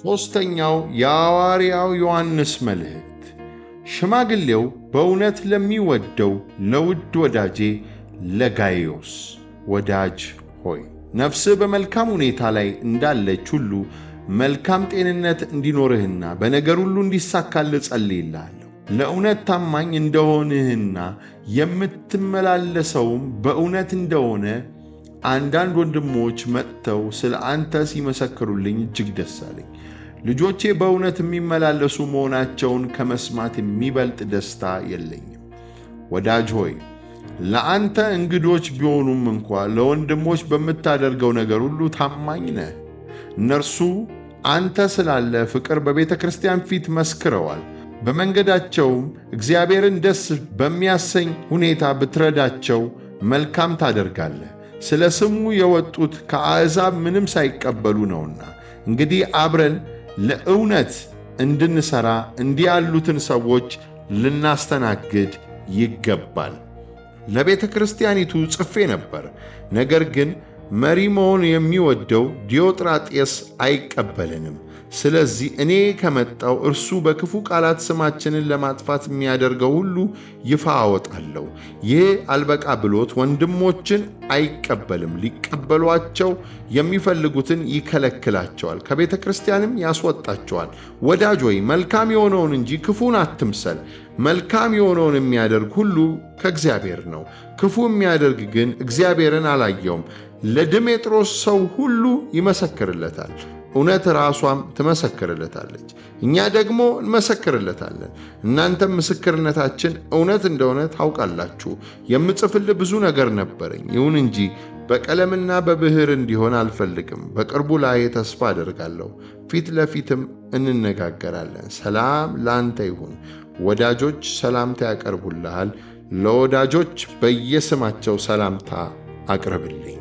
ሦስተኛው የሐዋርያው ዮሐንስ መልእክት። ሽማግሌው በእውነት ለሚወደው ለውድ ወዳጄ ለጋይዮስ ወዳጅ ሆይ ነፍስህ በመልካም ሁኔታ ላይ እንዳለች ሁሉ መልካም ጤንነት እንዲኖርህና በነገር ሁሉ እንዲሳካልህ ጸልይልሃለሁ። ለእውነት ታማኝ እንደሆንህና የምትመላለሰውም በእውነት እንደሆነ አንዳንድ ወንድሞች መጥተው ስለ አንተ ሲመሰክሩልኝ እጅግ ደስ አለኝ። ልጆቼ በእውነት የሚመላለሱ መሆናቸውን ከመስማት የሚበልጥ ደስታ የለኝም። ወዳጅ ሆይ ለአንተ እንግዶች ቢሆኑም እንኳ ለወንድሞች በምታደርገው ነገር ሁሉ ታማኝ ነህ። እነርሱ አንተ ስላለ ፍቅር በቤተ ክርስቲያን ፊት መስክረዋል። በመንገዳቸውም እግዚአብሔርን ደስ በሚያሰኝ ሁኔታ ብትረዳቸው መልካም ታደርጋለህ። ስለ ስሙ የወጡት ከአሕዛብ ምንም ሳይቀበሉ ነውና። እንግዲህ አብረን ለእውነት እንድንሠራ እንዲህ ያሉትን ሰዎች ልናስተናግድ ይገባል። ለቤተ ክርስቲያኒቱ ጽፌ ነበር፣ ነገር ግን መሪ መሆን የሚወደው ዲዮጥራጤስ አይቀበልንም። ስለዚህ እኔ ከመጣው እርሱ በክፉ ቃላት ስማችንን ለማጥፋት የሚያደርገው ሁሉ ይፋ አወጣለሁ። ይህ አልበቃ ብሎት ወንድሞችን አይቀበልም። ሊቀበሏቸው የሚፈልጉትን ይከለክላቸዋል፣ ከቤተ ክርስቲያንም ያስወጣቸዋል። ወዳጅ ሆይ መልካም የሆነውን እንጂ ክፉን አትምሰል። መልካም የሆነውን የሚያደርግ ሁሉ ከእግዚአብሔር ነው፣ ክፉ የሚያደርግ ግን እግዚአብሔርን አላየውም። ለድሜጥሮስ ሰው ሁሉ ይመሰክርለታል፣ እውነት ራሷም ትመሰክርለታለች፣ እኛ ደግሞ እንመሰክርለታለን። እናንተም ምስክርነታችን እውነት እንደሆነ ታውቃላችሁ። የምጽፍል ብዙ ነገር ነበረኝ፣ ይሁን እንጂ በቀለምና በብህር እንዲሆን አልፈልግም። በቅርቡ ላይ ተስፋ አደርጋለሁ፣ ፊት ለፊትም እንነጋገራለን። ሰላም ለአንተ ይሁን። ወዳጆች ሰላምታ ያቀርቡልሃል። ለወዳጆች በየስማቸው ሰላምታ አቅርብልኝ።